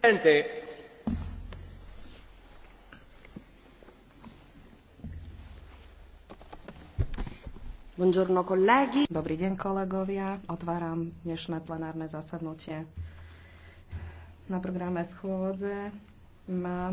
Presidente. Dobrý deň kolegovia. Otváram dnešné plenárne zasadnutie. Na programe schôdze máme